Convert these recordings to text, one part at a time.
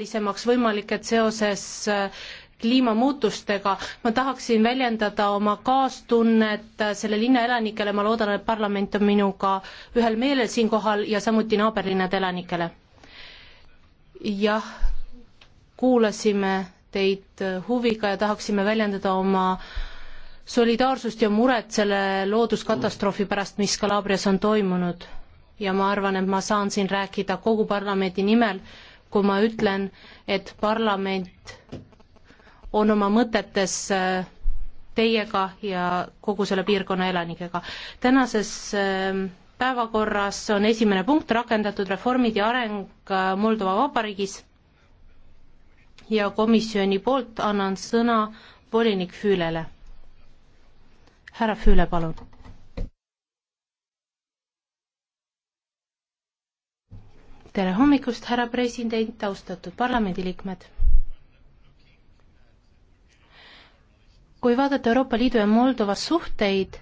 lisemaks võimalik, et seoses äh, kliimamuutustega. ma tahaksin väljendada oma kaastunnet äh, selle linna elanikele, ma loodan, et parlament on minuga ühel meelel siinkohal ja samuti naaberlinnade elanikele. jah, kuulasime teid äh, huviga ja tahaksime väljendada oma solidaarsust ja muret selle looduskatastroofi pärast, mis Kalabrias on toimunud. ja ma arvan, et ma saan siin rääkida kogu parlamendi nimel kui ma ütlen, et parlament on oma mõtetes äh, teiega ja kogu selle piirkonna elanikega. tänases äh, päevakorras on esimene punkt rakendatud reformid ja areng äh, Moldova Vabariigis ja komisjoni poolt annan sõna volinik Füülele. härra Füüle, palun tere hommikust, härra president, austatud parlamendiliikmed! kui vaadata Euroopa Liidu ja Moldova suhteid,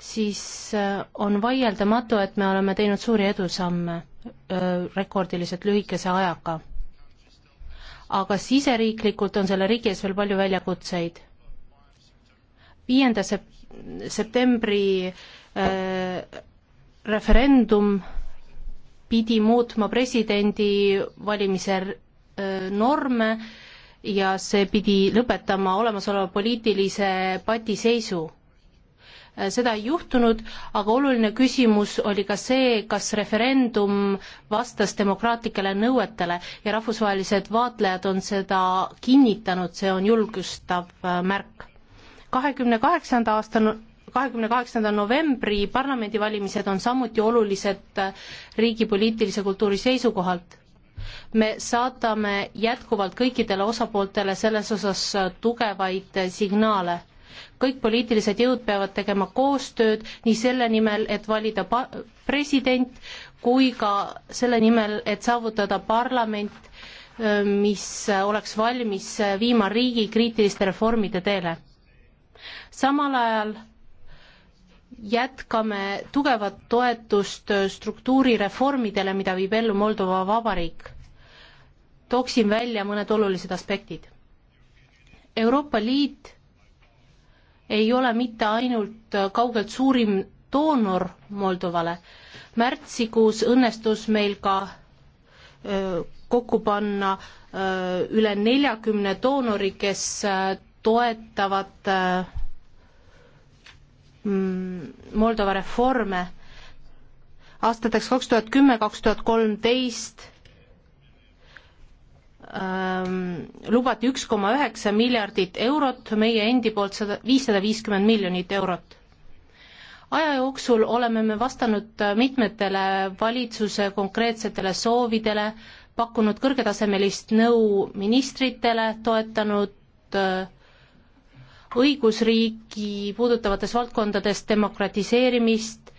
siis äh, on vaieldamatu, et me oleme teinud suuri edusamme äh, rekordiliselt lühikese ajaga. aga siseriiklikult on selle riigi ees veel palju väljakutseid. viienda septembri äh, referendum pidi muutma presidendi valimise äh, norme ja see pidi lõpetama olemasoleva poliitilise patiseisu. Äh, seda ei juhtunud, aga oluline küsimus oli ka see, kas referendum vastas demokraatlikele nõuetele ja rahvusvahelised vaatlejad on seda kinnitanud, see on julgustav äh, märk. kahekümne kaheksanda aasta kahekümne kaheksanda novembri parlamendivalimised on samuti olulised äh, riigi poliitilise kultuuri seisukohalt. me saadame jätkuvalt kõikidele osapooltele selles osas äh, tugevaid äh, signaale. kõik poliitilised jõud peavad tegema koostööd nii selle nimel, et valida president, kui ka selle nimel, et saavutada parlament, mis oleks valmis viima riigi kriitiliste reformide teele samal ajal jätkame tugevat toetust struktuurireformidele, mida viib ellu Moldova Vabariik. tooksin välja mõned olulised aspektid. Euroopa Liit ei ole mitte ainult kaugelt suurim doonor Moldovale, märtsikuus õnnestus meil ka öö, kokku panna öö, üle neljakümne doonori, kes öö, toetavad Mm, Moldova reforme aastateks kaks tuhat kümme, kaks tuhat kolmteist ähm, lubati üks koma üheksa miljardit eurot, meie endi poolt sada, viissada viiskümmend miljonit eurot. aja jooksul oleme me vastanud äh, mitmetele valitsuse konkreetsetele soovidele, pakkunud kõrgetasemelist nõu ministritele, toetanud äh, õigusriiki puudutavates valdkondades demokratiseerimist,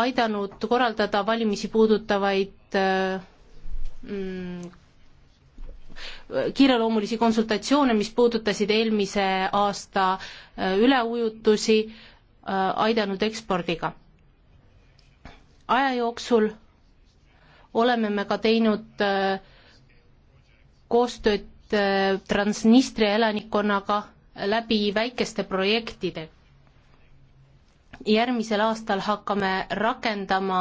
aidanud korraldada valimisi puudutavaid äh, mm, kiireloomulisi konsultatsioone, mis puudutasid eelmise aasta äh, üleujutusi, äh, aidanud ekspordiga. aja jooksul oleme me ka teinud koostööd Transnistria elanikkonnaga läbi väikeste projektide. järgmisel aastal hakkame rakendama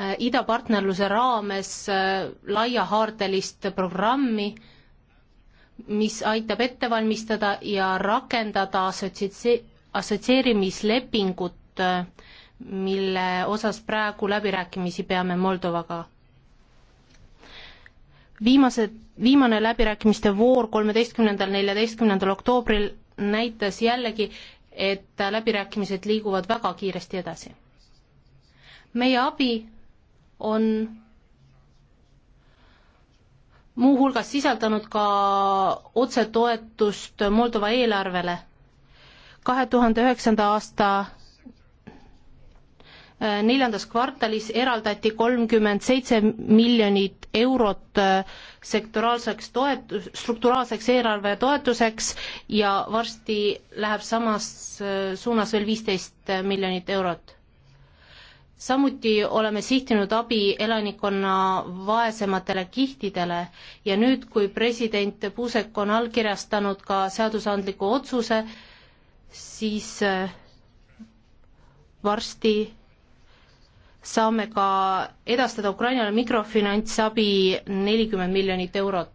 äh, idapartnerluse raames äh, laiahaardelist programmi, mis aitab ette valmistada ja rakendada assotsiatsi-, assotsieerimislepingut, äh, mille osas praegu läbirääkimisi peame Moldovaga viimased, viimane läbirääkimiste voor kolmeteistkümnendal, neljateistkümnendal oktoobril näitas jällegi, et läbirääkimised liiguvad väga kiiresti edasi. meie abi on muuhulgas sisaldanud ka otsetoetust Moldova eelarvele. kahe tuhande üheksanda aasta Äh, neljandas kvartalis eraldati kolmkümmend seitse miljonit eurot äh, sektoraalseks toetus, strukturaalseks eelarve toetuseks ja varsti läheb samas äh, suunas veel viisteist miljonit eurot. samuti oleme sihtinud abi elanikkonna vaesematele kihtidele ja nüüd, kui president Puusek on allkirjastanud ka seadusandliku otsuse, siis varsti saame ka edastada Ukrainale mikrofinantsabi nelikümmend miljonit eurot.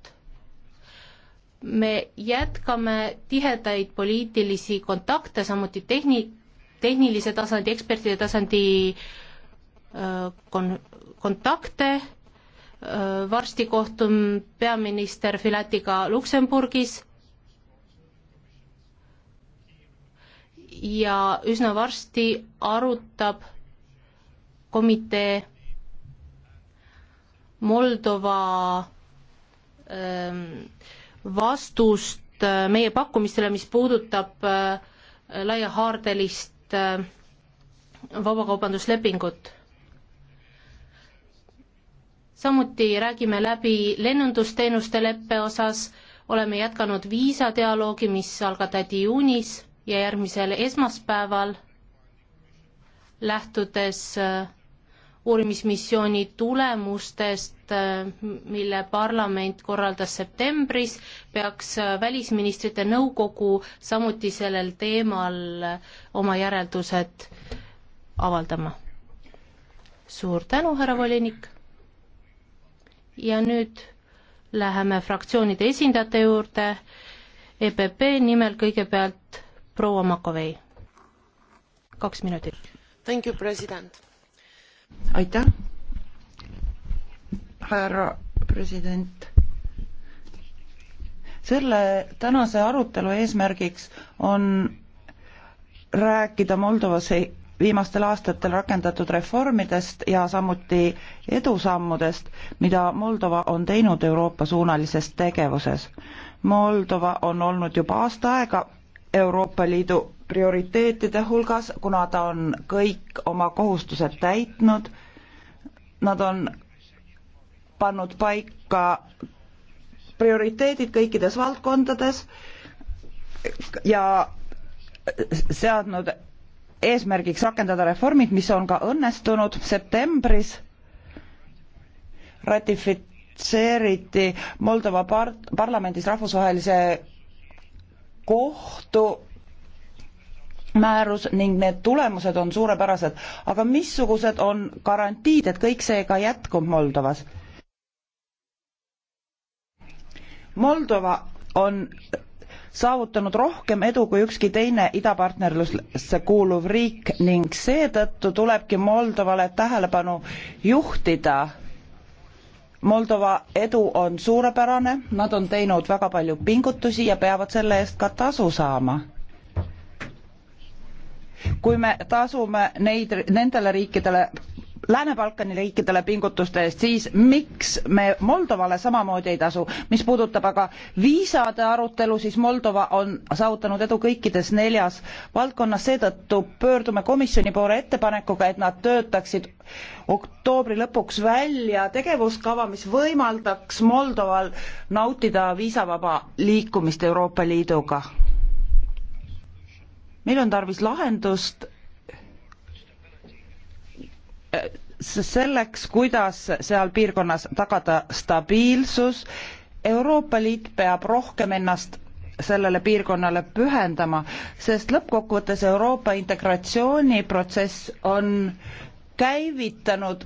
me jätkame tihedaid poliitilisi kontakte, samuti tehni-, tehnilise tasandi, ekspertide tasandi kon-, kontakte, varsti kohtun peaminister Filatiga Luksemburgis ja üsna varsti arutab komitee, Moldova ähm, vastust äh, meie pakkumistele, mis puudutab äh, laiahaardelist äh, vabakaubanduslepingut. samuti räägime läbi lennundusteenuste leppe osas, oleme jätkanud viisadialoogi, mis algatati juunis ja järgmisel esmaspäeval, lähtudes äh, uurimismissiooni tulemustest, mille parlament korraldas septembris, peaks välisministrite nõukogu samuti sellel teemal oma järeldused avaldama. suur tänu, härra volinik. ja nüüd läheme fraktsioonide esindajate juurde. EPP nimel kõigepealt proua Makovei. kaks minutit. Thank you, president aitäh, härra president. selle tänase arutelu eesmärgiks on rääkida Moldovas viimastel aastatel rakendatud reformidest ja samuti edusammudest, mida Moldova on teinud Euroopa-suunalises tegevuses. Moldova on olnud juba aasta aega Euroopa Liidu prioriteetide hulgas, kuna ta on kõik oma kohustused täitnud. Nad on pannud paika prioriteedid kõikides valdkondades ja seadnud eesmärgiks rakendada reformid, mis on ka õnnestunud septembris ratifitseeriti Moldova par-, parlamendis rahvusvahelise kohtu määrus ning need tulemused on suurepärased, aga missugused on garantiid, et kõik see ka jätkub Moldovas? Moldova on saavutanud rohkem edu kui ükski teine idapartnerlusse kuuluv riik ning seetõttu tulebki Moldovale tähelepanu juhtida. Moldova edu on suurepärane, nad on teinud väga palju pingutusi ja peavad selle eest ka tasu saama kui me tasume neid, nendele riikidele Lääne-Balkani riikidele pingutuste eest, siis miks me Moldovale samamoodi ei tasu? mis puudutab aga viisade arutelu, siis Moldova on saavutanud edu kõikides neljas valdkonnas, seetõttu pöördume komisjoni poole ettepanekuga, et nad töötaksid oktoobri lõpuks välja tegevuskava, mis võimaldaks Moldoval nautida viisavaba liikumist Euroopa Liiduga meil on tarvis lahendust äh, selleks, kuidas seal piirkonnas tagada stabiilsus. Euroopa Liit peab rohkem ennast sellele piirkonnale pühendama, sest lõppkokkuvõttes Euroopa integratsiooniprotsess on käivitanud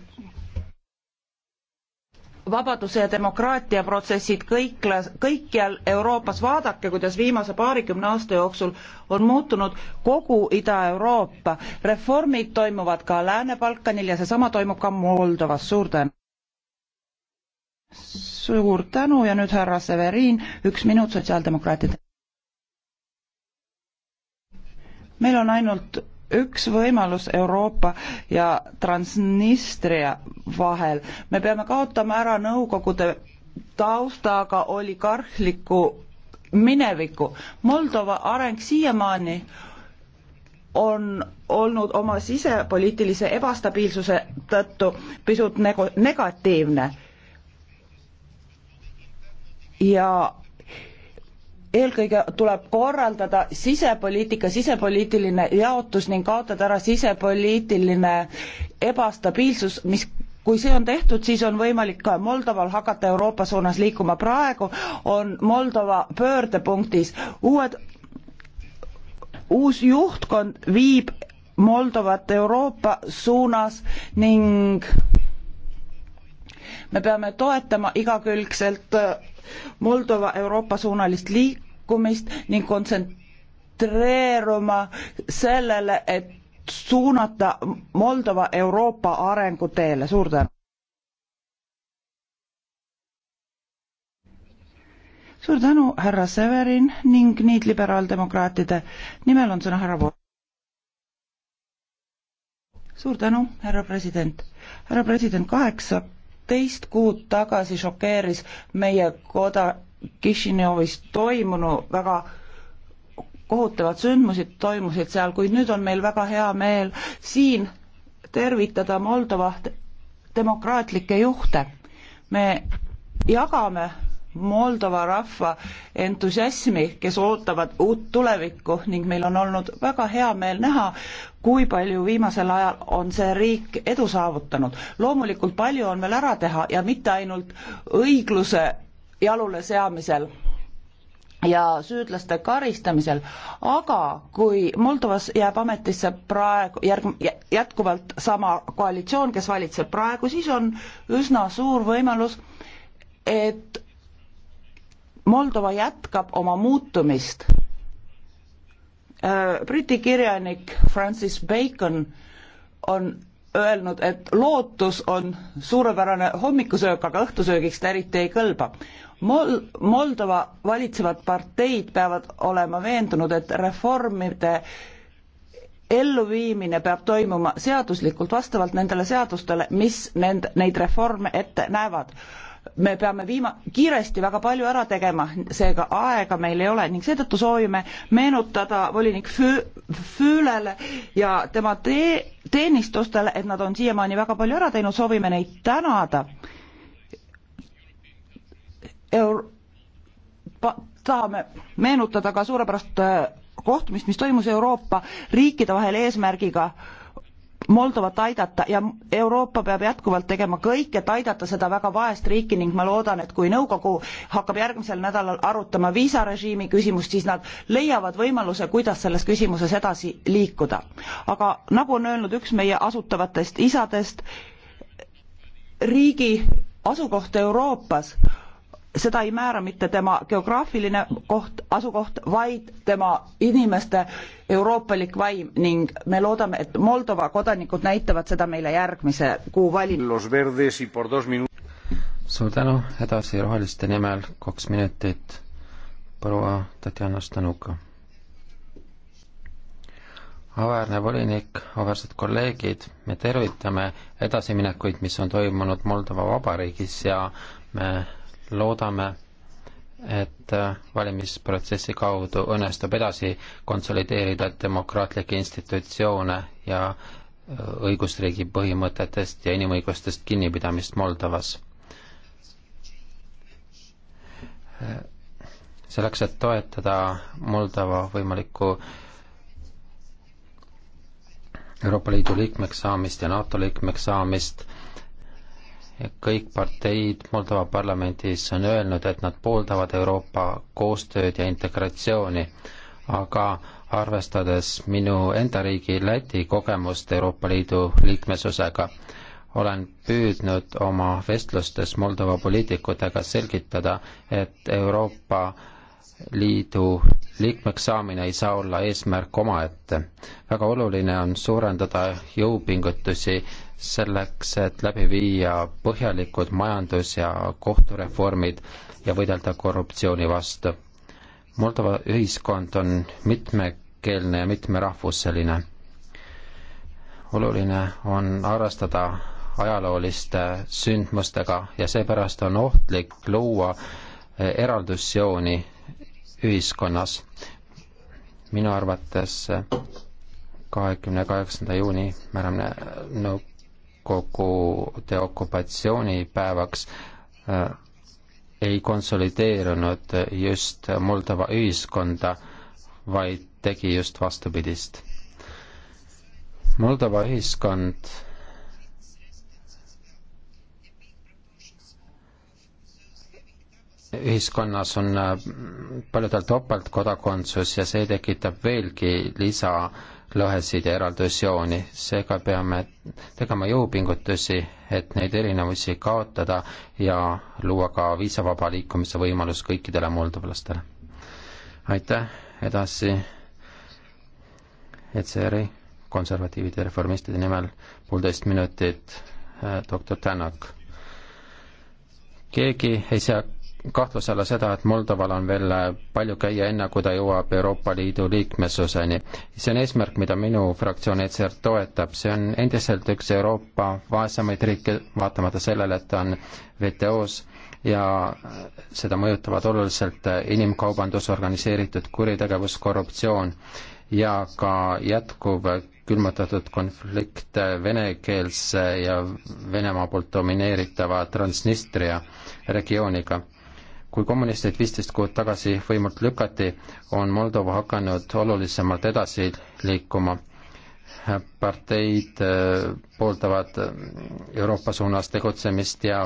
vabaduse ja demokraatia protsessid kõiklas, kõikjal Euroopas, vaadake, kuidas viimase paarikümne aasta jooksul on muutunud kogu Ida-Euroopa. reformid toimuvad ka Lääne-Balkanil ja seesama toimub ka Moldovas, suur tänu. suur tänu ja nüüd härra Severin, üks minut sotsiaaldemokraatide. meil on ainult üks võimalus Euroopa ja Transnistria vahel. me peame kaotama ära Nõukogude taustaga oligarhliku mineviku. Moldova areng siiamaani on olnud oma sisepoliitilise ebastabiilsuse tõttu pisut negatiivne ja eelkõige tuleb korraldada sisepoliitika, sisepoliitiline jaotus ning kaotada ära sisepoliitiline ebastabiilsus, mis kui see on tehtud, siis on võimalik ka Moldoval hakata Euroopa suunas liikuma. praegu on Moldova pöördepunktis. uued, uus juhtkond viib Moldovat Euroopa suunas ning me peame toetama igakülgselt Moldova Euroopa suunalist liik-, pakkumist ning kontsentreeruma sellele, et suunata Moldova Euroopa arenguteele, suur tänu. suur tänu, härra Severin ning nüüd liberaaldemokraatide nimel on sõna härra Vool. suur tänu, härra president. härra president, kaheksateist kuud tagasi šokeeris meie koda, Kišinevis toimunu, väga kohutavad sündmused toimusid seal, kuid nüüd on meil väga hea meel siin tervitada Moldova demokraatlikke juhte. me jagame Moldova rahva entusiasmi, kes ootavad uut tulevikku ning meil on olnud väga hea meel näha, kui palju viimasel ajal on see riik edu saavutanud. loomulikult palju on veel ära teha ja mitte ainult õigluse jalule seamisel ja süüdlaste karistamisel, aga kui Moldovas jääb ametisse praegu järg-, jätkuvalt sama koalitsioon, kes valitseb praegu, siis on üsna suur võimalus, et Moldova jätkab oma muutumist. Äh, briti kirjanik Francis Bacon on öelnud, et lootus on suurepärane hommikusöök, aga õhtusöögiks ta eriti ei kõlba. Mol-, Moldova valitsevad parteid peavad olema veendunud, et reformide elluviimine peab toimuma seaduslikult vastavalt nendele seadustele, mis nend-, neid reforme ette näevad. me peame viima-, kiiresti väga palju ära tegema, seega aega meil ei ole ning seetõttu soovime meenutada volinik Fü-, Füülele ja tema tee teenistustele, et nad on siiamaani väga palju ära teinud, soovime neid tänada Euro. tahame meenutada ka suurepärast äh, kohtumist, mis toimus Euroopa riikide vahel eesmärgiga Moldovat aidata ja Euroopa peab jätkuvalt tegema kõik, et aidata seda väga vaest riiki ning ma loodan, et kui nõukogu hakkab järgmisel nädalal arutama viisarežiimi küsimust, siis nad leiavad võimaluse, kuidas selles küsimuses edasi liikuda. aga nagu on öelnud üks meie asutavatest isadest, riigi asukoht Euroopas seda ei määra mitte tema geograafiline koht, asukoht, vaid tema inimeste euroopalik vaim ning me loodame, et Moldova kodanikud näitavad seda meile järgmise kuu valimistel. suur tänu, edasi Roheliste nimel kaks minutit, proua Tatjana Stanuka. auväärne volinik, auväärsed kolleegid, me tervitame edasiminekuid, mis on toimunud Moldova Vabariigis ja me loodame, et äh, valimisprotsessi kaudu õnnestub edasi konsolideerida demokraatlikke institutsioone ja äh, õigusriigi põhimõtetest ja inimõigustest kinnipidamist Moldovas. selleks, et toetada Moldova võimalikku Euroopa Liidu liikmeks saamist ja NATO liikmeks saamist, kõik parteid Moldova parlamendis on öelnud, et nad pooldavad Euroopa koostööd ja integratsiooni, aga arvestades minu enda riigi Läti kogemust Euroopa Liidu liikmesusega, olen püüdnud oma vestlustes Moldova poliitikutega selgitada, et Euroopa Liidu liikmeks saamine ei saa olla eesmärk omaette. väga oluline on suurendada jõupingutusi selleks, et läbi viia põhjalikud majandus- ja kohtureformid ja võidelda korruptsiooni vastu. Moldova ühiskond on mitmekeelne ja mitmerahvuseline. oluline on arvestada ajalooliste sündmustega ja seepärast on ohtlik luua eraldusjooni ühiskonnas. minu arvates kahekümne kaheksanda juuni määramine nõu- no,, nõukogude okupatsioonipäevaks äh, ei konsolideerunud just Moldova ühiskonda, vaid tegi just vastupidist. Moldova ühiskond ühiskonnas on äh, paljudel topeltkodakondsus ja see tekitab veelgi lisa lõhesid ja eraldusjooni, seega peame tegema jõupingutusi, et neid erinevusi kaotada ja luua ka viisavaba liikumise võimalus kõikidele moldovlastele. aitäh, edasi ECR-i konservatiivide ja reformistide nimel poolteist minutit, doktor Tänak. keegi ei sea kahtluse alla seda, et Moldoval on veel palju käia, enne kui ta jõuab Euroopa Liidu liikmesuseni. see on eesmärk, mida minu fraktsioon ECR toetab, see on endiselt üks Euroopa vaesemaid riike, vaatamata sellele, et ta on WTO-s ja seda mõjutavad oluliselt inimkaubandus, organiseeritud kuritegevus, korruptsioon ja ka jätkuv külmutatud konflikt venekeelse ja Venemaa poolt domineeritava Transnistria regiooniga kui kommunistid viisteist kuud tagasi võimult lükati, on Moldova hakanud olulisemalt edasi liikuma. parteid äh, pooldavad äh, Euroopa suunas tegutsemist ja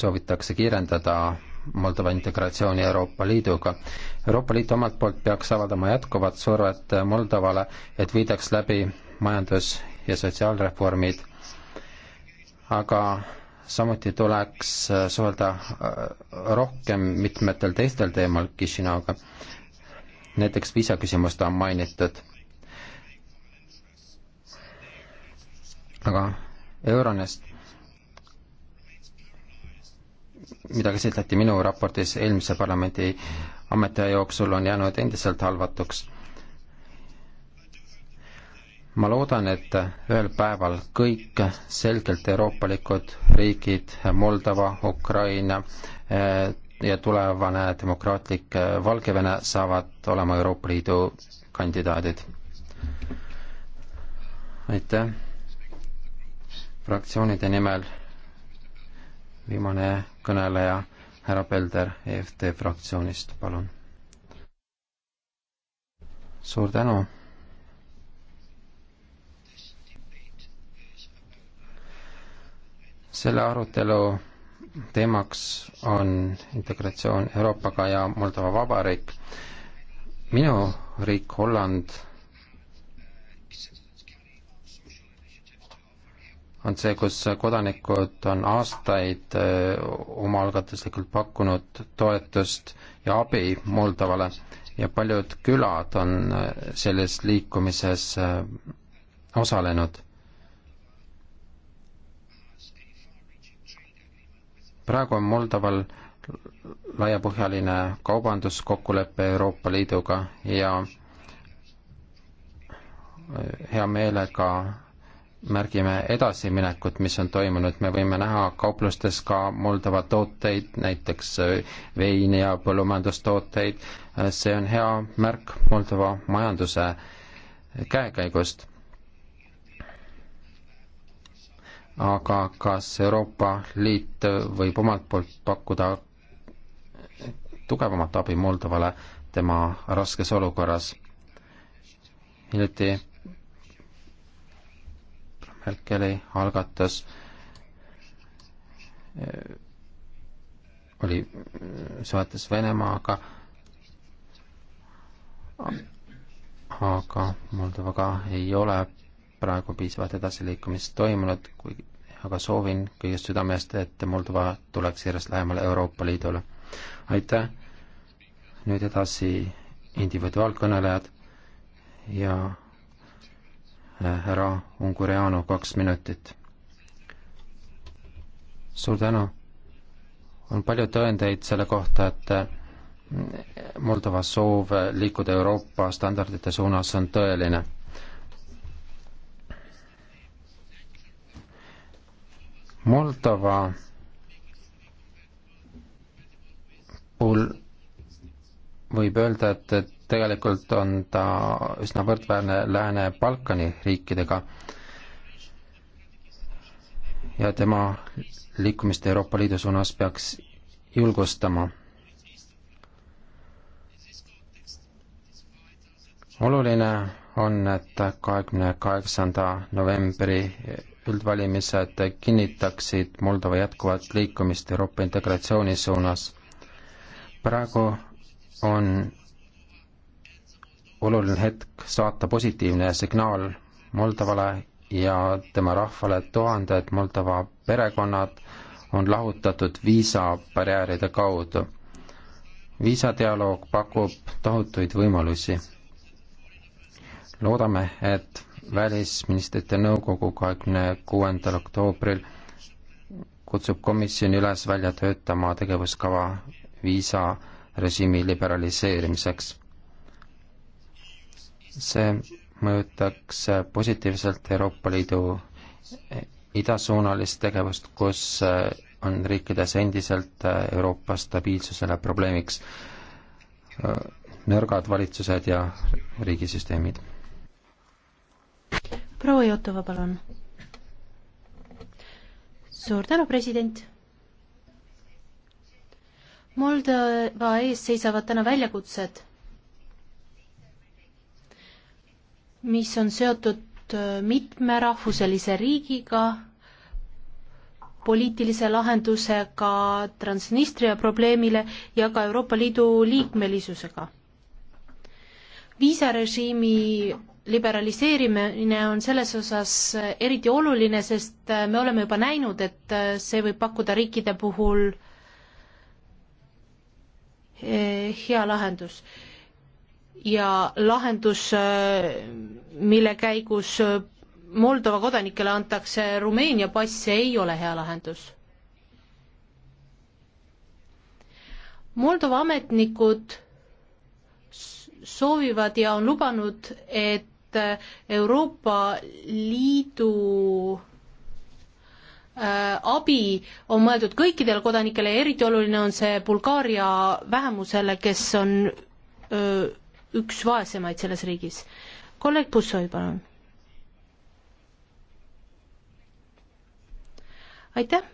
soovitakse kiirendada Moldova integratsiooni Euroopa Liiduga. Euroopa Liit omalt poolt peaks avaldama jätkuvat survet Moldovale, et viidaks läbi majandus- ja sotsiaalreformid, aga samuti tuleks äh, suhelda äh, rohkem mitmetel teistel teemal Kišinaga, näiteks viisaküsimust on mainitud. aga Euronest, mida käsitleti minu raportis eelmise parlamendi ametiaja jooksul, on jäänud endiselt halvatuks ma loodan, et ühel päeval kõik selgelt euroopalikud riigid, Moldova, Ukraina eh, ja tulevane demokraatlik eh, Valgevene saavad olema Euroopa Liidu kandidaadid. aitäh fraktsioonide nimel viimane kõneleja, härra Pelder EFT fraktsioonist, palun. suur tänu selle arutelu teemaks on integratsioon Euroopaga ja Moldova Vabariik. minu riik Holland on see, kus kodanikud on aastaid äh, omaalgatuslikult pakkunud toetust ja abi Moldovale ja paljud külad on äh, selles liikumises äh, osalenud praegu on Moldoval laiapõhjaline kaubanduskokkulepe Euroopa Liiduga ja äh, hea meelega märgime edasiminekut, mis on toimunud, me võime näha kauplustes ka Moldova tooteid, näiteks äh, veini ja põllumajandustooteid, äh, see on hea märk Moldova majanduse käekäigust aga kas Euroopa Liit võib omalt poolt pakkuda tugevamat abi Moldovale tema raskes olukorras? hiljuti Merkeli algatas eh, oli mm, suhetes Venemaaga, aga Moldovaga ei ole praegu piisavat edasiliikumist toimunud, kui aga soovin kõigest südamest, et Moldova tuleks järjest lähemale Euroopa Liidule. aitäh, nüüd edasi individuaalkõnelejad ja äh, härra Ungureanu, kaks minutit. suur tänu. on palju tõendeid selle kohta, et äh, Moldova soov liikuda Euroopa standardite suunas on tõeline Moldova puhul võib öelda, et tegelikult on ta üsna võrdväärne Lääne-Balkani riikidega ja tema liikumist Euroopa Liidu suunas peaks julgustama. oluline on, et kahekümne kaheksanda novembri üldvalimised kinnitaksid Moldova jätkuvat liikumist Euroopa integratsiooni suunas. praegu on oluline hetk saata positiivne signaal Moldovale ja tema rahvale, et tuhanded Moldova perekonnad on lahutatud viisabarjääride kaudu. viisadialoog pakub tohutuid võimalusi. loodame, et välisministrite nõukogu kahekümne kuuendal oktoobril kutsub komisjoni üles välja töötama tegevuskava viisarežiimi liberaliseerimiseks. see mõjutaks positiivselt Euroopa Liidu idasuunalist tegevust, kus on riikides endiselt Euroopa stabiilsusele probleemiks nõrgad valitsused ja riigisüsteemid proua Jotova, palun. suur tänu, president. Moldova ees seisavad täna väljakutsed, mis on seotud äh, mitmerahvuselise riigiga, poliitilise lahendusega Transnistria probleemile ja ka Euroopa Liidu liikmelisusega. viisarežiimi liberaliseerimine on selles osas eriti oluline, sest me oleme juba näinud, et see võib pakkuda riikide puhul eh, hea lahendus. ja lahendus, eh, mille käigus Moldova kodanikele antakse Rumeenia pass, see ei ole hea lahendus. Moldova ametnikud soovivad ja on lubanud, et et äh, Euroopa Liidu äh, abi on mõeldud kõikidele kodanikele ja eriti oluline on see Bulgaaria vähemusele, kes on öö, äh, üks vaesemaid selles riigis. kolleeg Bussoi, palun. aitäh.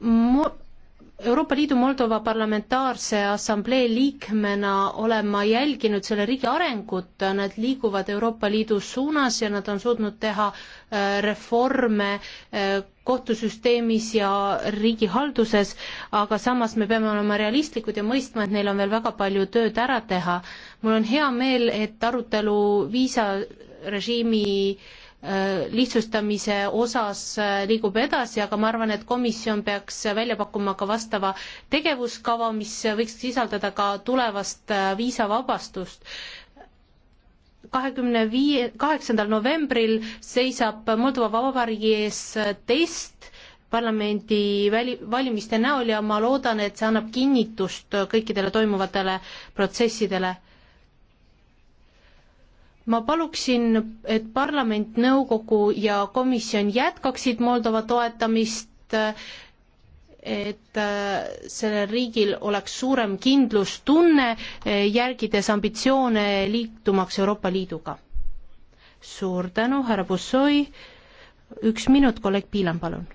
mu Euroopa Liidu Moldova Parlamentaarse Assamblee liikmena olen ma jälginud selle riigi arengut, nad liiguvad Euroopa Liidu suunas ja nad on suutnud teha äh, reforme äh, kohtusüsteemis ja riigihalduses, aga samas me peame olema realistlikud ja mõistma, et neil on veel väga palju tööd ära teha. mul on hea meel, et arutelu viisarežiimi äh, Äh, lihtsustamise osas äh, liigub edasi, aga ma arvan, et komisjon peaks välja pakkuma ka vastava tegevuskava, mis võiks sisaldada ka tulevast äh, viisavabastust. kahekümne viie, kaheksandal novembril seisab Moldova Vabariigi ees test parlamendi väli, valimiste näol ja ma loodan, et see annab kinnitust kõikidele toimuvatele protsessidele ma paluksin, et parlament, nõukogu ja komisjon jätkaksid Moldova toetamist, et äh, sellel riigil oleks suurem kindlustunne, äh, järgides ambitsioone liitumaks Euroopa Liiduga. suur tänu, härra Bussoi, üks minut, kolleeg Piilan, palun.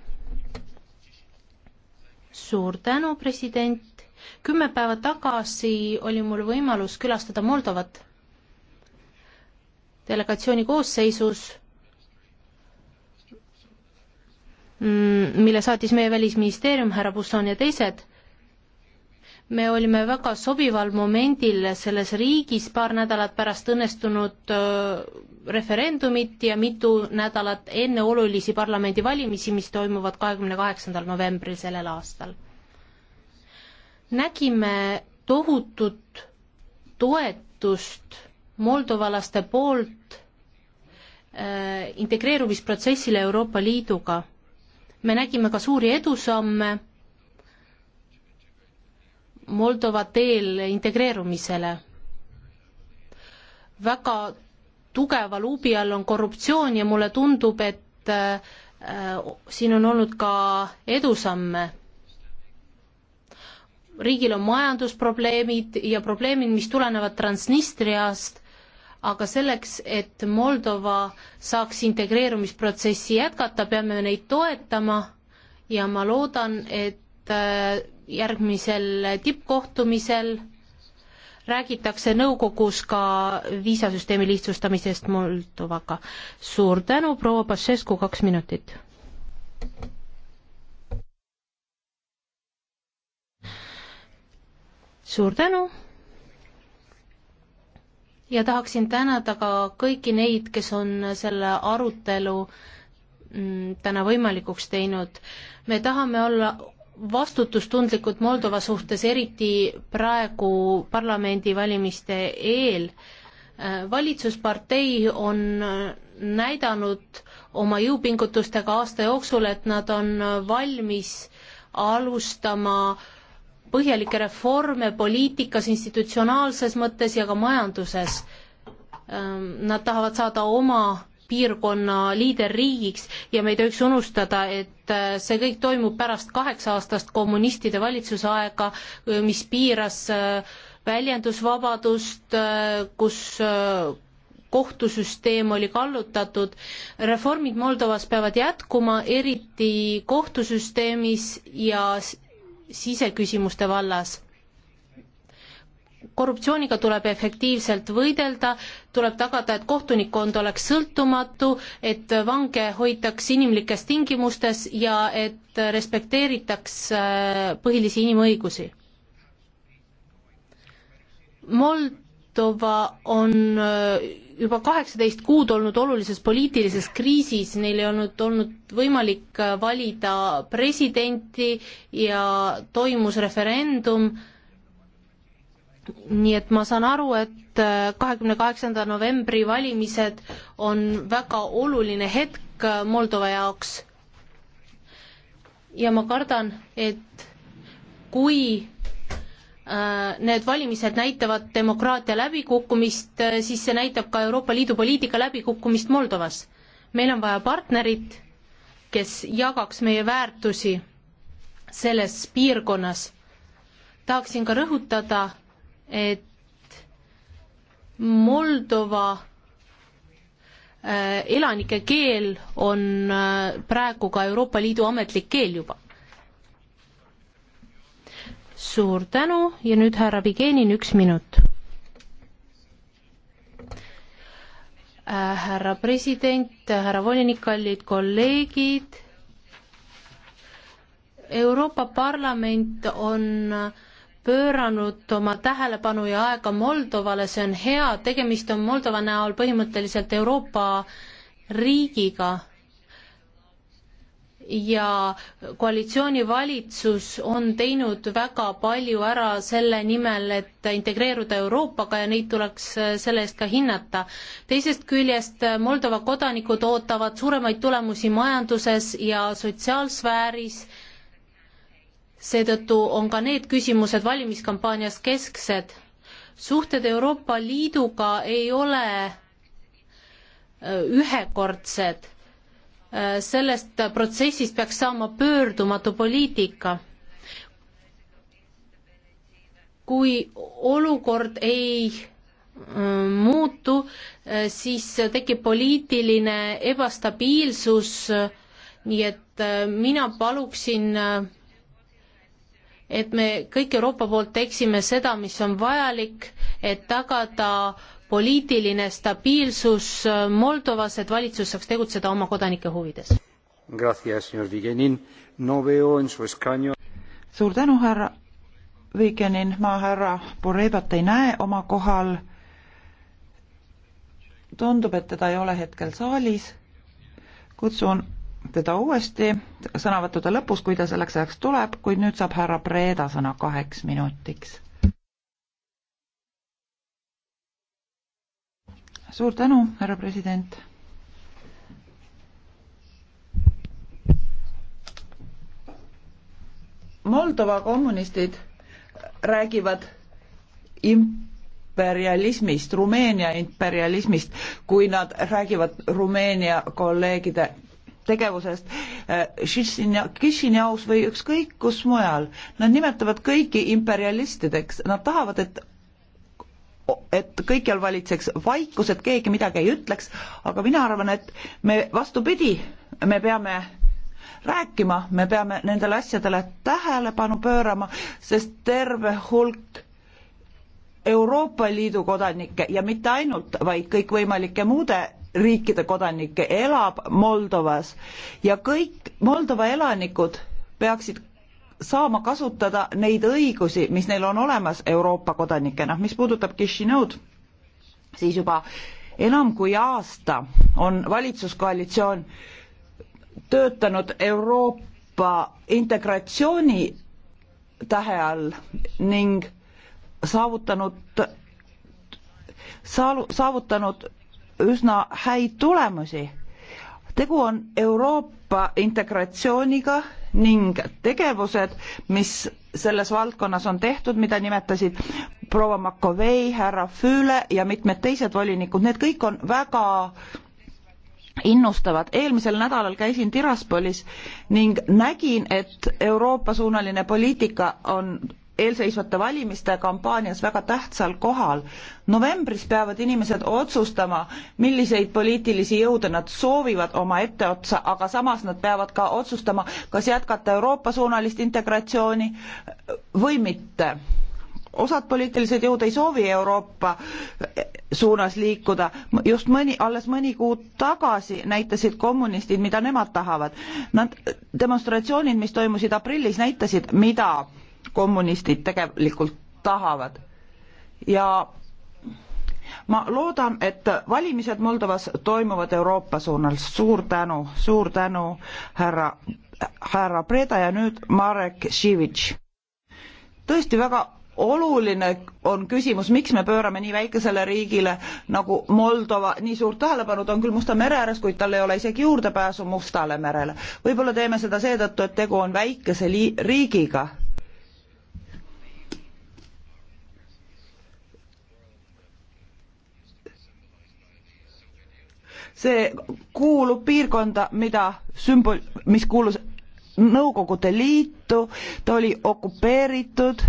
suur tänu, president, kümme päeva tagasi oli mul võimalus külastada Moldovat delegatsiooni koosseisus, mm, mille saatis meie Välisministeerium, härra Busson ja teised, me olime väga sobival momendil selles riigis paar nädalat pärast õnnestunud referendumit ja mitu nädalat enne olulisi parlamendivalimisi, mis toimuvad kahekümne kaheksandal novembril sellel aastal. nägime tohutut toetust moldovalaste poolt äh, integreerumisprotsessile Euroopa Liiduga. me nägime ka suuri edusamme Moldova teel integreerumisele. väga tugeva luubi all on korruptsioon ja mulle tundub, et äh, siin on olnud ka edusamme. riigil on majandusprobleemid ja probleemid, mis tulenevad Transnistriast aga selleks, et Moldova saaks integreerumisprotsessi jätkata, peame neid toetama ja ma loodan, et äh, järgmisel tippkohtumisel räägitakse nõukogus ka viisasüsteemi lihtsustamisest Moldovaga. suur tänu, proua Pašescu, kaks minutit. suur tänu ja tahaksin tänada ka kõiki neid, kes on selle arutelu mm, täna võimalikuks teinud. me tahame olla vastutustundlikud Moldova suhtes, eriti praegu parlamendivalimiste eel. Äh, valitsuspartei on näidanud oma jõupingutustega aasta jooksul, et nad on valmis alustama äh, põhjalikke reforme poliitikas, institutsionaalses mõttes ja ka majanduses. Ähm, nad tahavad saada oma piirkonna liiderriigiks ja me ei tohiks unustada, et äh, see kõik toimub pärast kaheksa aastast kommunistide valitsuse aega, äh, mis piiras äh, väljendusvabadust, kus kohtusüsteem oli kallutatud. reformid Moldovas peavad jätkuma, eriti kohtusüsteemis ja siseküsimuste vallas. korruptsiooniga tuleb efektiivselt võidelda, tuleb tagada, et kohtunikkond oleks sõltumatu, et vange hoitaks inimlikes tingimustes ja et respekteeritaks äh, põhilisi inimõigusi Mold-, Moldova on äh, juba kaheksateist kuud olnud olulises poliitilises kriisis, neil ei olnud olnud võimalik äh, valida presidenti ja toimus referendum, nii et ma saan aru, et äh, kahekümne kaheksanda novembri valimised on väga oluline hetk Moldova jaoks. ja ma kardan, et kui Äh, need valimised näitavad demokraatia läbikukkumist, äh, siis see näitab ka Euroopa Liidu poliitika läbikukkumist Moldovas. meil on vaja partnerit, kes jagaks meie väärtusi selles piirkonnas. tahaksin ka rõhutada, et Moldova äh, elanike keel on praegu ka Euroopa Liidu ametlik keel juba suur tänu ja nüüd härra Vigenin, üks minut. Äh, härra president, härra volinik, kallid kolleegid. Euroopa Parlament on pööranud oma tähelepanu ja aega Moldovale, see on hea, tegemist on Moldova näol põhimõtteliselt Euroopa riigiga ja koalitsioonivalitsus on teinud väga palju ära selle nimel, et integreeruda Euroopaga ja neid tuleks äh, selle eest ka hinnata. teisest küljest äh, Moldova kodanikud ootavad suuremaid tulemusi majanduses ja sotsiaalsfääris, seetõttu on ka need küsimused valimiskampaanias kesksed. suhted Euroopa Liiduga ei ole äh, ühekordsed Äh, sellest protsessist peaks saama pöördumatu poliitika. kui olukord ei äh, muutu, äh, siis tekib poliitiline ebastabiilsus, nii et mina paluksin, et me kõik Euroopa poolt teeksime seda, mis on vajalik, et tagada äh, poliitiline stabiilsus Moldovas, et valitsus saaks tegutseda oma kodanike huvides. suur tänu, härra Vigenin, ma härra Borebat ei näe oma kohal. tundub, et teda ei ole hetkel saalis. kutsun teda uuesti sõnavõttude lõpus, kui ta selleks ajaks tuleb, kuid nüüd saab härra Breda sõna kaheks minutiks suur tänu, härra president. Moldova kommunistid räägivad imperialismist, Rumeenia imperialismist, kui nad räägivad Rumeenia kolleegide tegevusest eh, Kišinjaus või ükskõik kus mujal. Nad nimetavad kõiki imperialistideks, nad tahavad, et et kõikjal valitseks vaikus, et keegi midagi ei ütleks, aga mina arvan, et me vastupidi, me peame rääkima, me peame nendele asjadele tähelepanu pöörama, sest terve hulk Euroopa Liidu kodanikke ja mitte ainult, vaid kõikvõimalike muude riikide kodanikke elab Moldovas ja kõik Moldova elanikud peaksid saama kasutada neid õigusi, mis neil on olemas Euroopa kodanikena. mis puudutab Kišinõud, siis juba enam kui aasta on valitsuskoalitsioon töötanud Euroopa integratsiooni tähe all ning saavutanud, saavutanud üsna häid tulemusi. tegu on Euroopa integratsiooniga ning tegevused, mis selles valdkonnas on tehtud, mida nimetasid proua Makovei, härra Füüle ja mitmed teised volinikud, need kõik on väga innustavad. eelmisel nädalal käisin Tiraspolis ning nägin, et Euroopa-suunaline poliitika on eelseisvate valimiste kampaanias väga tähtsal kohal. novembris peavad inimesed otsustama, milliseid poliitilisi jõude nad soovivad oma etteotsa, aga samas nad peavad ka otsustama, kas jätkata Euroopa-suunalist integratsiooni või mitte osad poliitilised jõud ei soovi Euroopa suunas liikuda. just mõni, alles mõni kuu tagasi näitasid kommunistid, mida nemad tahavad. Nad, demonstratsioonid, mis toimusid aprillis, näitasid, mida kommunistid tegelikult tahavad. ja ma loodan, et valimised Moldovas toimuvad Euroopa suunal. suur tänu, suur tänu, härra, härra Preda ja nüüd Marek Šivitš. tõesti väga oluline on küsimus, miks me pöörame nii väikesele riigile nagu Moldova nii suurt tähelepanu, ta on küll Musta mere ääres, kuid tal ei ole isegi juurdepääsu Mustale merele. võib-olla teeme seda seetõttu, et tegu on väikese li-, riigiga see kuulub piirkonda, mida sümbol, mis kuulus Nõukogude Liitu, ta oli okupeeritud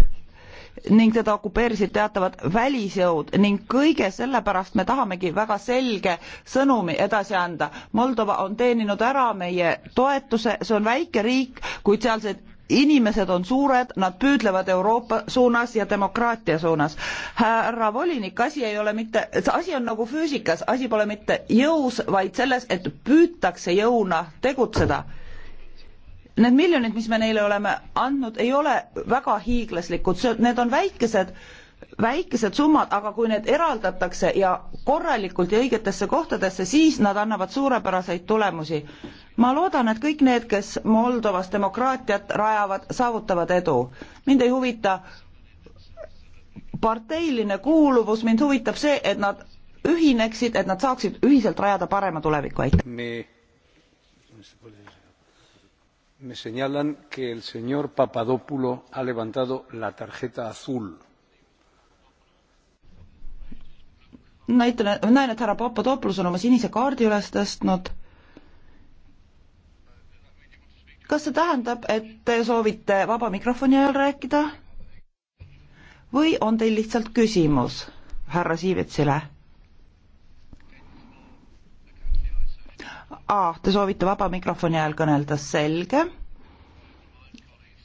ning teda okupeerisid teatavad välisjõud ning kõige sellepärast me tahamegi väga selge sõnumi edasi anda. Moldova on teeninud ära meie toetuse, see on väike riik, kuid sealsed inimesed on suured, nad püüdlevad Euroopa suunas ja demokraatia suunas. härra volinik, asi ei ole mitte, asi on nagu füüsikas, asi pole mitte jõus, vaid selles, et püütakse jõuna tegutseda. Need miljonid, mis me neile oleme andnud, ei ole väga hiiglaslikud, need on väikesed väikesed summad, aga kui need eraldatakse ja korralikult ja õigetesse kohtadesse, siis nad annavad suurepäraseid tulemusi. ma loodan, et kõik need, kes Moldovas demokraatiat rajavad, saavutavad edu. mind ei huvita parteiline kuuluvus, mind huvitab see, et nad ühineksid, et nad saaksid ühiselt rajada parema tuleviku, aitäh. me, me señalan que el señor Papadopulo ha levantado la tarjeta azul näitan, näen, et härra Papadopoulos on oma sinise kaardi üles tõstnud. kas see tähendab, et te soovite vaba mikrofoni ajal rääkida? või on teil lihtsalt küsimus härra Siivetsile? aa, te soovite vaba mikrofoni ajal kõnelda, selge.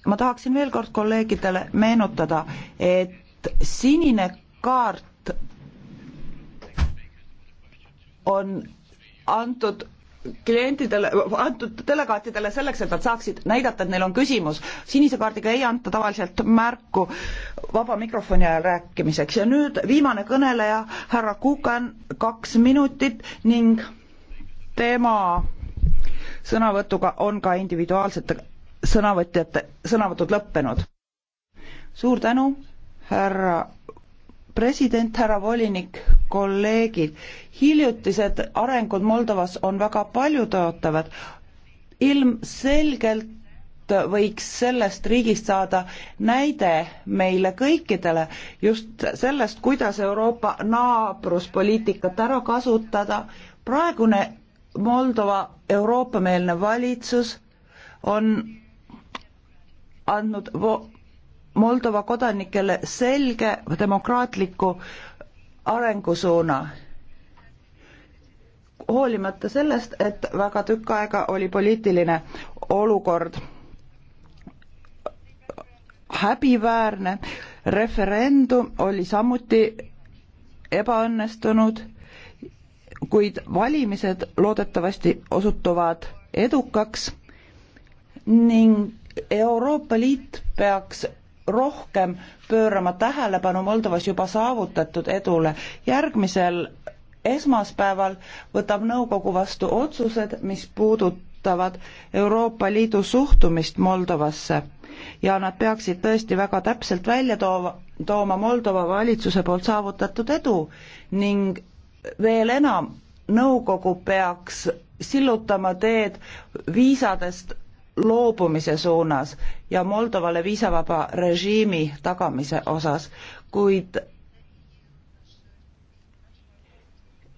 ma tahaksin veel kord kolleegidele meenutada, et sinine kaart on antud klientidele, antud delegaatidele selleks, et nad saaksid näidata, et neil on küsimus. sinise kaardiga ei anta tavaliselt märku vaba mikrofoni ajal rääkimiseks ja nüüd viimane kõneleja, härra Kukan, kaks minutit ning tema sõnavõtuga on ka individuaalsete sõnavõtjate sõnavõtud lõppenud. suur tänu, härra president, härra volinik, kolleegid, hiljutised arengud Moldovas on väga paljutõotavad. ilmselgelt võiks sellest riigist saada näide meile kõikidele just sellest, kuidas Euroopa naabruspoliitikat ära kasutada. praegune Moldova Euroopa-meelne valitsus on andnud Moldova kodanikele selge demokraatliku arengusuuna. hoolimata sellest, et väga tükk aega oli poliitiline olukord häbiväärne, referendum oli samuti ebaõnnestunud, kuid valimised loodetavasti osutuvad edukaks ning Euroopa Liit peaks rohkem pöörama tähelepanu Moldovas juba saavutatud edule. järgmisel esmaspäeval võtab nõukogu vastu otsused, mis puudutavad Euroopa Liidu suhtumist Moldovasse ja nad peaksid tõesti väga täpselt välja tooma, tooma Moldova valitsuse poolt saavutatud edu ning veel enam, nõukogu peaks sillutama teed viisadest loobumise suunas ja Moldovale viisavaba režiimi tagamise osas, kuid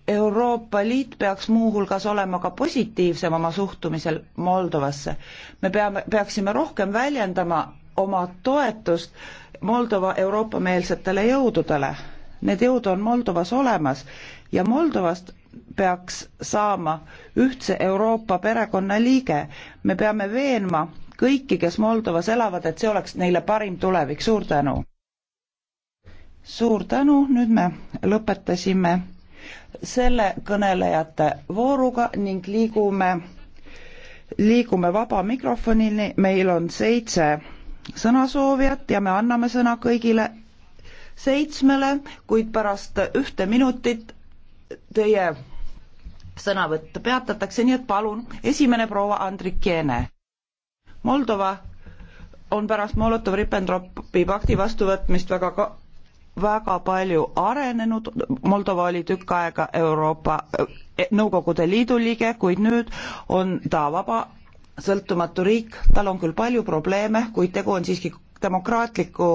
Euroopa Liit peaks muuhulgas olema ka positiivsem oma suhtumisel Moldovasse. me peame, peaksime rohkem väljendama oma toetust Moldova Euroopa-meelsetele jõududele. Need jõud on Moldovas olemas ja Moldovast peaks saama ühtse Euroopa perekonna liige. me peame veenma kõiki, kes Moldovas elavad, et see oleks neile parim tulevik, suur tänu! suur tänu, nüüd me lõpetasime selle kõnelejate vooruga ning liigume, liigume vaba mikrofonini, meil on seitse sõnasoovijat ja me anname sõna kõigile seitsmele, kuid pärast ühte minutit teie sõnavõtt peatatakse, nii et palun, esimene proua Andrikiene. Moldova on pärast Molotov-Ribbentropi pakti vastuvõtmist väga ka-, väga palju arenenud, Moldova oli tükk aega Euroopa eh, Nõukogude Liidu liige, kuid nüüd on ta vaba sõltumatu riik, tal on küll palju probleeme, kuid tegu on siiski demokraatliku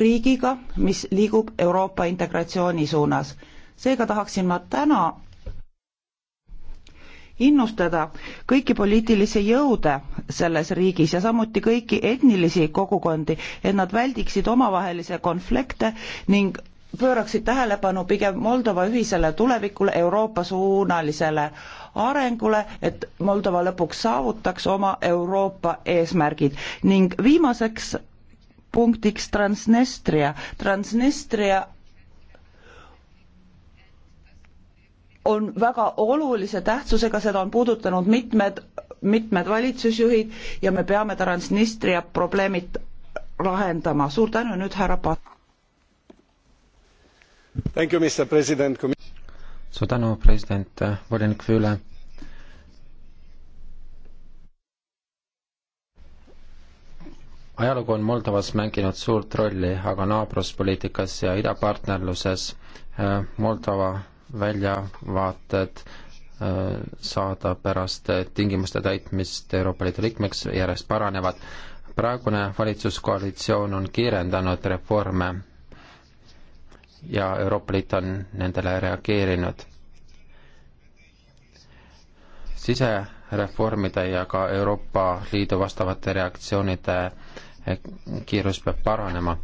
riigiga, mis liigub Euroopa integratsiooni suunas seega tahaksin ma täna innustada kõiki poliitilisi jõude selles riigis ja samuti kõiki etnilisi kogukondi, et nad väldiksid omavahelisi konflikte ning pööraksid tähelepanu pigem Moldova ühisele tulevikule, Euroopa suunalisele arengule, et Moldova lõpuks saavutaks oma Euroopa eesmärgid ning viimaseks punktiks Transnistria. Transnistria on väga olulise tähtsusega, seda on puudutanud mitmed, mitmed valitsusjuhid ja me peame Transnistria probleemid lahendama. suur tänu nüüd härra Pat-. suur tänu, president, volinik Füüle. ajalugu on Moldovas mänginud suurt rolli, aga naabruspoliitikas ja idapartnerluses äh, Moldova väljavaated äh, saada pärast tingimuste täitmist Euroopa Liidu liikmeks järjest paranevad. praegune valitsuskoalitsioon on kiirendanud reforme ja Euroopa Liit on nendele reageerinud. sisereformide ja ka Euroopa Liidu vastavate reaktsioonide kiirus peab paranema.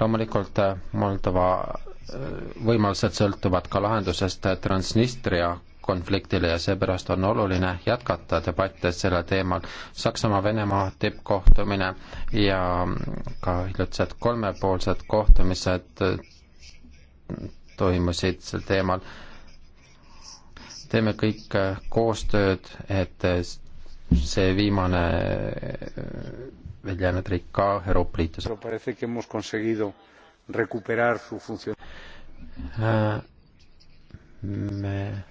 loomulikult Moldova võimalused sõltuvad ka lahendusest Transnistria konfliktile ja seepärast on oluline jätkata debatte sellel teemal. Saksamaa-Venemaa tippkohtumine ja ka hiljutised kolmepoolsed kohtumised toimusid sel teemal. teeme kõik koostööd, et see viimane välja jäänud riik ka Euroopa Liitu saab recuperar su función. Uh, me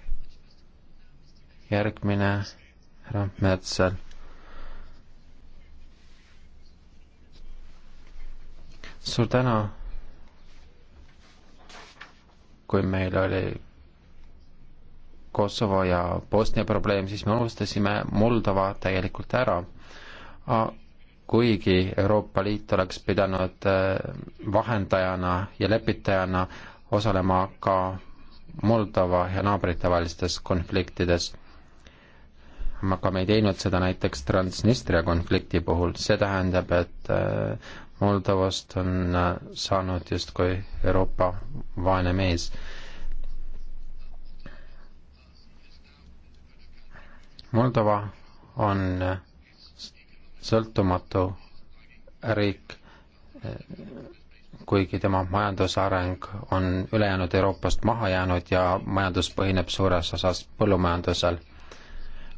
järgmine härra Metsal. suur tänu. kui meil oli Kosovo ja Bosnia probleem, siis me unustasime Moldova täielikult ära kuigi Euroopa Liit oleks pidanud äh, vahendajana ja lepitajana osalema ka Moldova ja naabritevahelistes konfliktides. aga me ei teinud seda näiteks Transnistria konflikti puhul, see tähendab, et äh, Moldovast on äh, saanud justkui Euroopa vaene mees. Moldova on sõltumatu riik, kuigi tema majandusareng on ülejäänud Euroopast maha jäänud ja majandus põhineb suures osas põllumajandusel.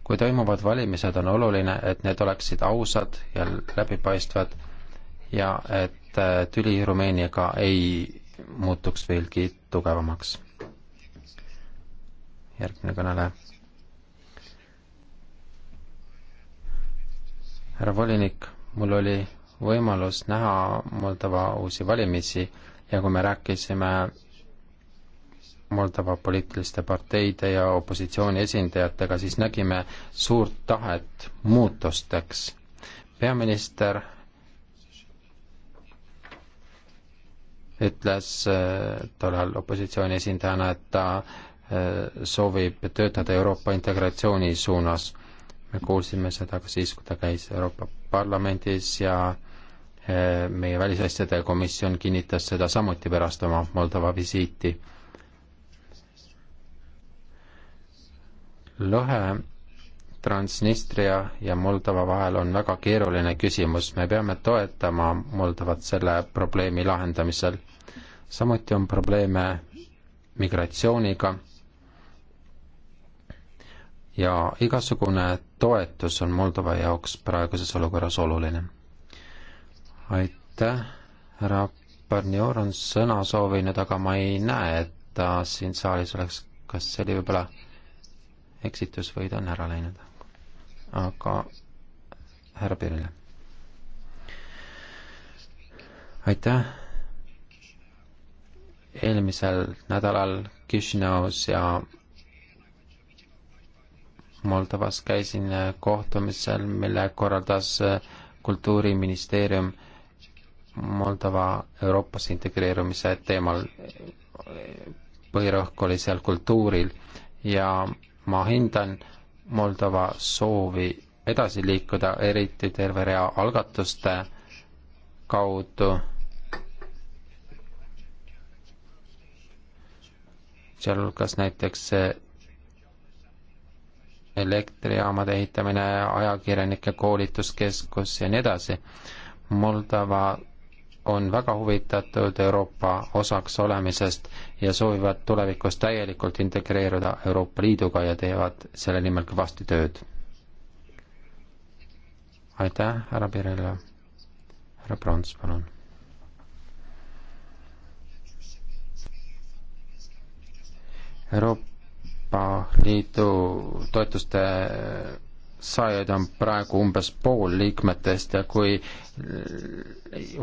kui toimuvad valimised, on oluline, et need oleksid ausad ja läbipaistvad ja et äh, tüli Rumeeniaga ei muutuks veelgi tugevamaks. järgmine kõneleja härra volinik, mul oli võimalus näha Moldova uusi valimisi ja kui me rääkisime Moldova poliitiliste parteide ja opositsiooni esindajatega, siis nägime suurt tahet muutusteks. peaminister ütles äh, tollal opositsiooni esindajana, et ta äh, soovib töötada Euroopa integratsiooni suunas me kuulsime seda ka siis, kui ta käis Euroopa Parlamendis ja eh, meie välisasjade komisjon kinnitas seda samuti pärast oma Moldova visiiti. lõhe Transnistria ja Moldova vahel on väga keeruline küsimus, me peame toetama Moldovat selle probleemi lahendamisel. samuti on probleeme migratsiooniga ja igasugune toetus on Moldova jaoks praeguses olukorras oluline. aitäh, härra Barnior on sõna soovinud, aga ma ei näe, et ta siin saalis oleks, kas see oli võib-olla eksitus või ta on ära läinud. aga härra Pirile. aitäh. eelmisel nädalal Kišinõus ja Moldovas käisin äh, kohtumisel, mille korraldas äh, kultuuriministeerium Moldova Euroopasse integreerumise teemal. põhirõhk oli seal kultuuril ja ma hindan Moldova soovi edasi liikuda, eriti terve rea algatuste kaudu sealhulgas näiteks äh, elektrijaamade ehitamine, ajakirjanike koolituskeskus ja nii edasi. Moldova on väga huvitatud Euroopa osaks olemisest ja soovivad tulevikus täielikult integreeruda Euroopa Liiduga ja teevad selle nimel kõvasti tööd. aitäh, härra Pirela. härra Prants, palun. Euroopa Euroopa Liidu toetuste saajaid on praegu umbes pool liikmetest ja kui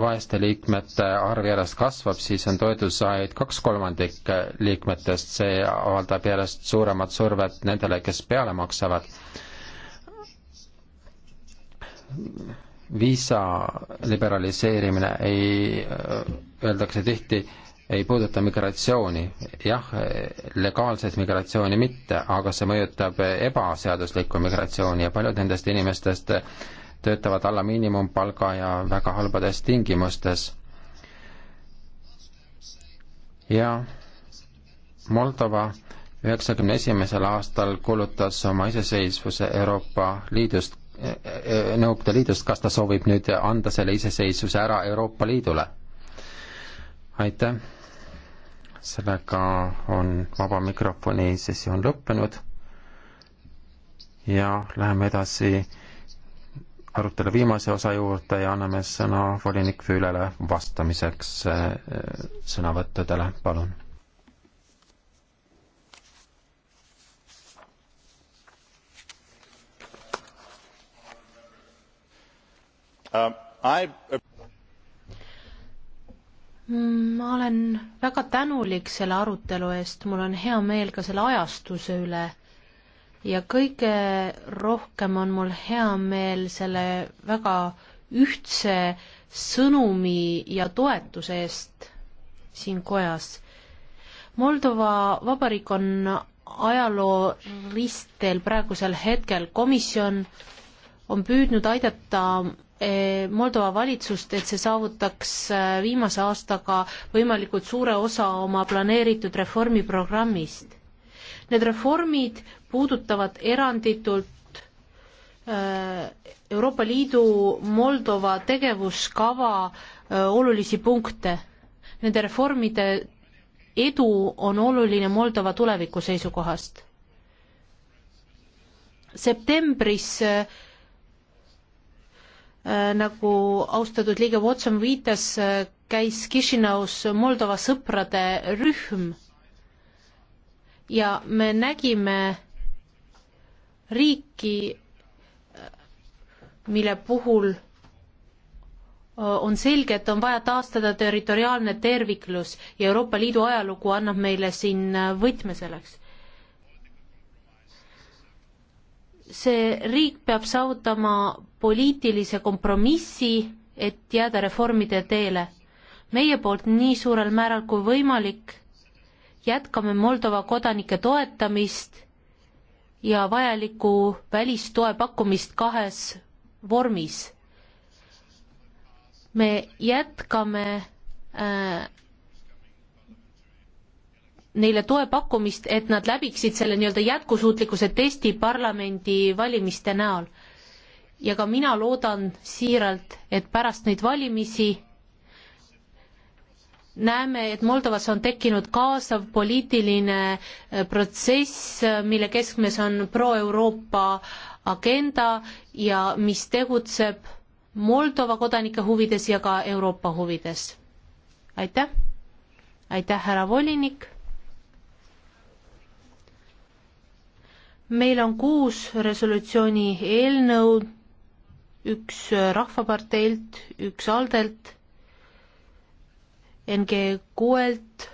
vaeste liikmete arv järjest kasvab, siis on toetussaajaid kaks kolmandik liikmetest, see avaldab järjest suuremat survet nendele, kes peale maksavad. viisa liberaliseerimine ei, äh, öeldakse tihti, ei puuduta migratsiooni. jah, legaalset migratsiooni mitte, aga see mõjutab ebaseaduslikku migratsiooni ja paljud nendest inimestest töötavad alla miinimumpalga ja väga halbades tingimustes. ja Moldova üheksakümne esimesel aastal kuulutas oma iseseisvuse Euroopa Liidust, Nõukogude Liidust, kas ta soovib nüüd anda selle iseseisvuse ära Euroopa Liidule? aitäh, sellega on vaba mikrofoni sessioon lõppenud ja läheme edasi arutelu viimase osa juurde ja anname sõna volinik Füülele vastamiseks äh, sõnavõttudele, palun Um, I... Mm, ma olen väga tänulik selle arutelu eest, mul on hea meel ka selle ajastuse üle ja kõige rohkem on mul hea meel selle väga ühtse sõnumi ja toetuse eest siin kojas. Moldova Vabariik on ajaloo ristel praegusel hetkel, komisjon on püüdnud aidata Eh, Moldova valitsust, et see saavutaks eh, viimase aastaga võimalikult suure osa oma planeeritud reformiprogrammist. Need reformid puudutavad eranditult eh, Euroopa Liidu Moldova tegevuskava olulisi punkte. Nende reformide edu on oluline Moldova tuleviku seisukohast. septembris äh, Äh, nagu austatud liige Watson viitas, äh, käis Kišinaus Moldova sõprade rühm ja me nägime riiki, äh, mille puhul on selge, et on vaja taastada territoriaalne terviklus ja Euroopa Liidu ajalugu annab meile siin võtme selleks. see riik peab saavutama poliitilise kompromissi, et jääda reformide teele. meie poolt nii suurel määral kui võimalik jätkame Moldova kodanike toetamist ja vajaliku välistoe pakkumist kahes vormis. me jätkame äh, neile toe pakkumist, et nad läbiksid selle nii-öelda jätkusuutlikkuse testi parlamendivalimiste näol. ja ka mina loodan siiralt, et pärast neid valimisi näeme, et Moldovas on tekkinud kaasav poliitiline äh, protsess, äh, mille keskmes on pro-Euroopa agenda ja mis tegutseb Moldova kodanike huvides ja ka Euroopa huvides. aitäh, aitäh, härra volinik meil on kuus resolutsiooni eelnõu, üks Rahvaparteilt, üks Aldelt, NG6-lt,